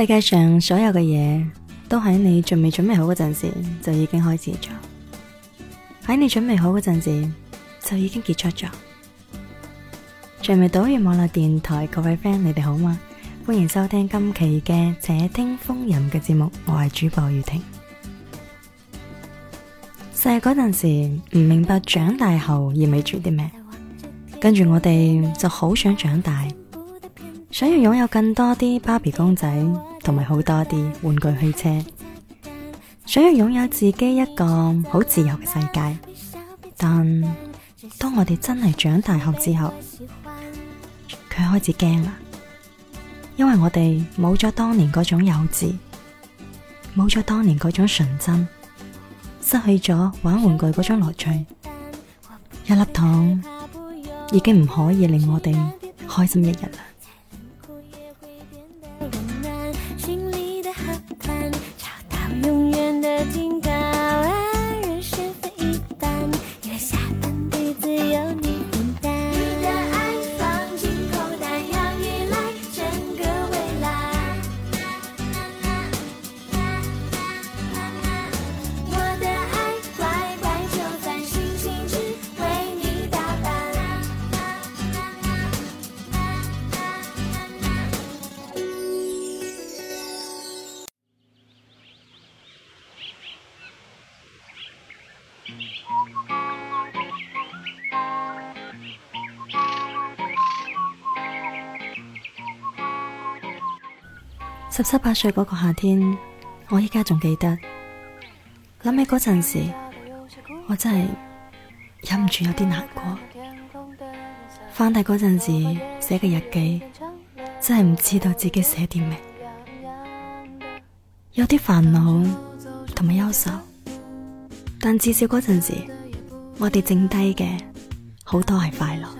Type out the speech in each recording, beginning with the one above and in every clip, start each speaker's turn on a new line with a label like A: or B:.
A: 世界上所有嘅嘢，都喺你仲未準備好嗰陣時就已經開始咗；喺你準備好嗰陣時就已經結束咗。傳媒島嶼網絡電台各位 friend，你哋好嗎？歡迎收聽今期嘅《且聽風吟》嘅節目，我係主播宇婷。細嗰陣時唔明白長大後意味住啲咩，跟住我哋就好想長大，想要擁有更多啲芭比公仔。同埋好多啲玩具汽車，想要擁有自己一個好自由嘅世界。但當我哋真係長大咗之後，佢開始驚啦，因為我哋冇咗當年嗰種幼稚，冇咗當年嗰種純真，失去咗玩玩具嗰種樂趣，一粒糖已經唔可以令我哋開心一日啦。十七八歲嗰個夏天，我依家仲記得。諗起嗰陣時，我真係忍唔住有啲難過。翻睇嗰陣時寫嘅日記，真係唔知道自己寫啲咩，有啲煩惱同埋憂愁。但至少嗰陣時，我哋剩低嘅好多係快樂。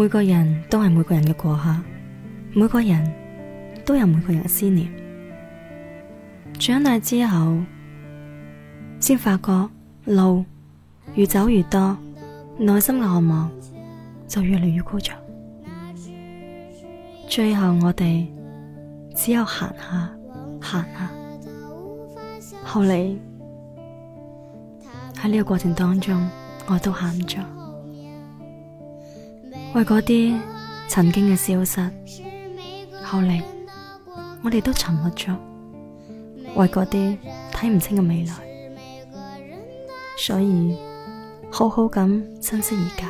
A: 每個人都係每個人嘅過客，每個人都有每個人嘅思念。長大之後，先發覺路越走越多，內心嘅渴望就越嚟越孤寂。最後我哋只有行下行下，後來喺呢個過程當中，我都喊咗。為嗰啲曾經嘅消失，後嚟我哋都沉默咗；為嗰啲睇唔清嘅未來，所以好好咁珍惜而家。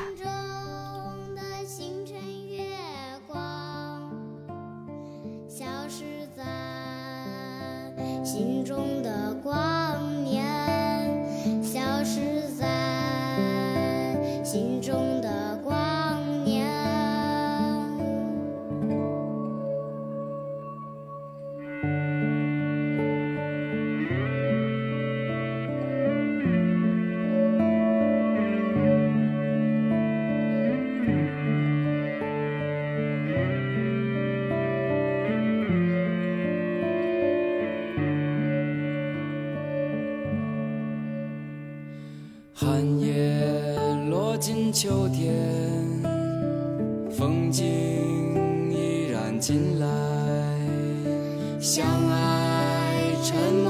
A: 沉默。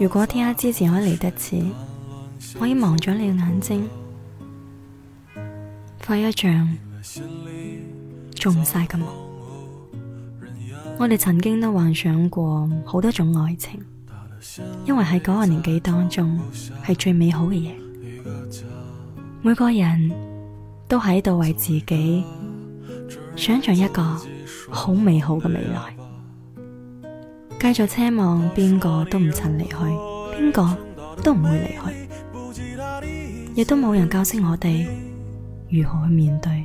A: 如果天黑之前可以嚟得切，可以望咗你嘅眼睛，發一場做唔晒嘅夢。我哋曾經都幻想過好多種愛情，因為喺嗰個年紀當中係最美好嘅嘢。每個人都喺度為自己想象一個好美好嘅未來。繼續奢望，邊個都唔曾離去，邊個都唔會離去，亦都冇人教識我哋如何去面對。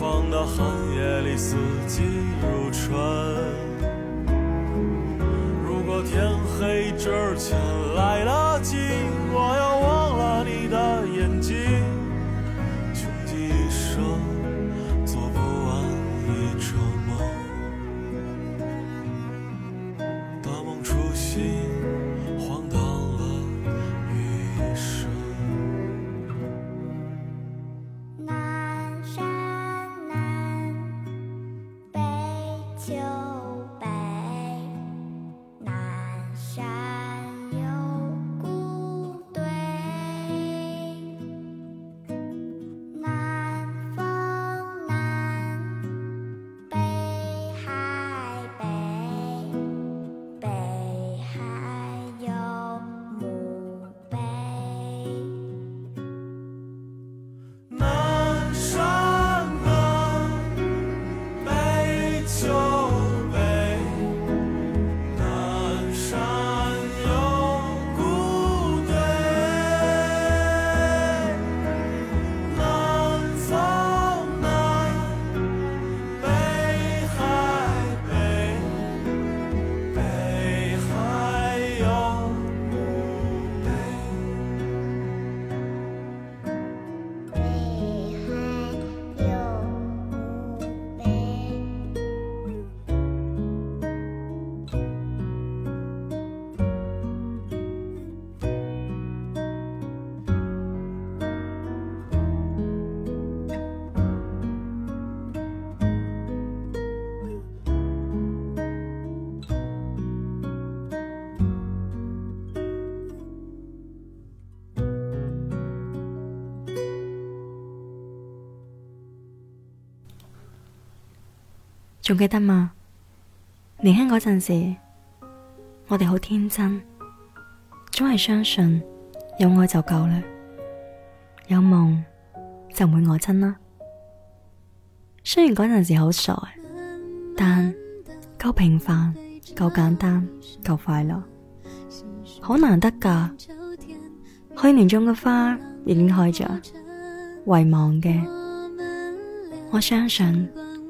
B: 北方的寒夜裏，四季如春。
A: 仲記得嗎？年輕嗰陣時，我哋好天真，總係相信有愛就夠啦，有夢就唔會餓親啦。雖然嗰陣時好傻，但夠平凡、夠簡單、夠快樂，好難得噶。去年種嘅花已經開咗，遺忘嘅，我相信。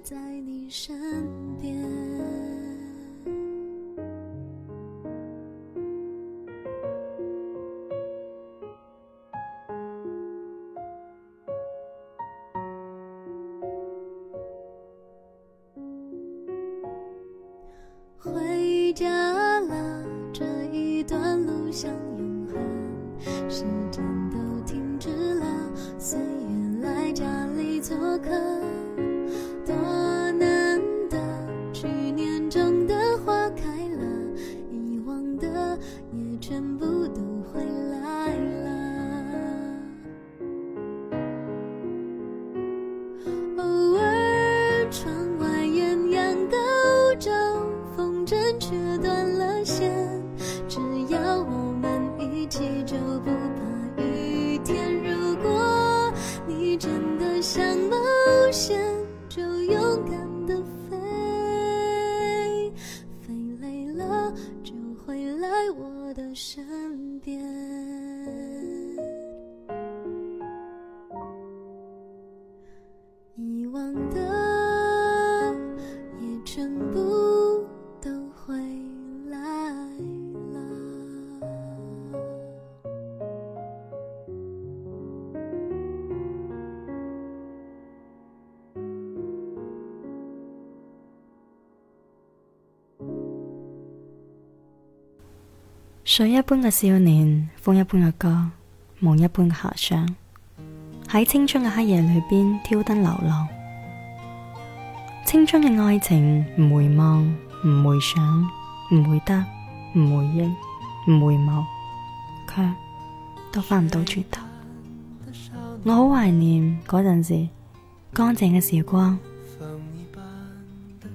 C: 在你身邊。不會。
A: 水一般嘅少年，風一般嘅歌，夢一般嘅遐想，喺青春嘅黑夜裏邊挑燈流浪。青春嘅愛情，唔回望，唔回想，唔回得，唔回憶，唔回眸，卻都翻唔到轉頭。我好懷念嗰陣時乾淨嘅時光，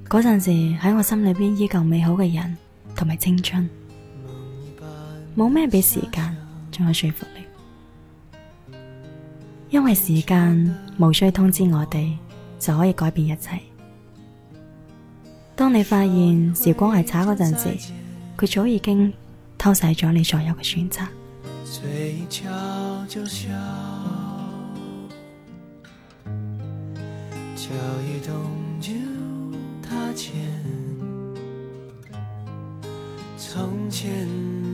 A: 嗰陣時喺我心裏邊依舊美好嘅人同埋青春。冇咩比時間仲有說服力，因為時間無需通知我哋就可以改變一切。當你發現時光係差嗰陣時，佢早已經偷晒咗你所有嘅選
D: 擇。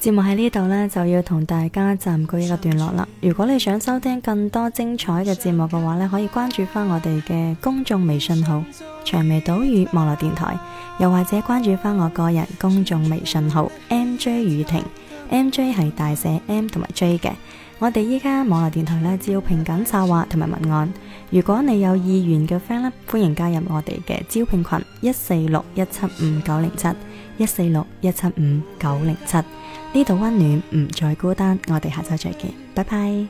A: 節目喺呢度呢，就要同大家暫告一個段落啦。如果你想收聽更多精彩嘅節目嘅話呢，可以關注翻我哋嘅公眾微信號“長尾島嶼網絡電台”，又或者關注翻我個人公眾微信號 MJ 宇婷，MJ 係大寫 M 同埋 J 嘅。我哋依家網絡電台呢，招聘緊策劃同埋文案。如果你有意願嘅 friend 咧，歡迎加入我哋嘅招聘群一四六一七五九零七一四六一七五九零七。呢度溫暖，唔再孤單。我哋下周再見，拜拜。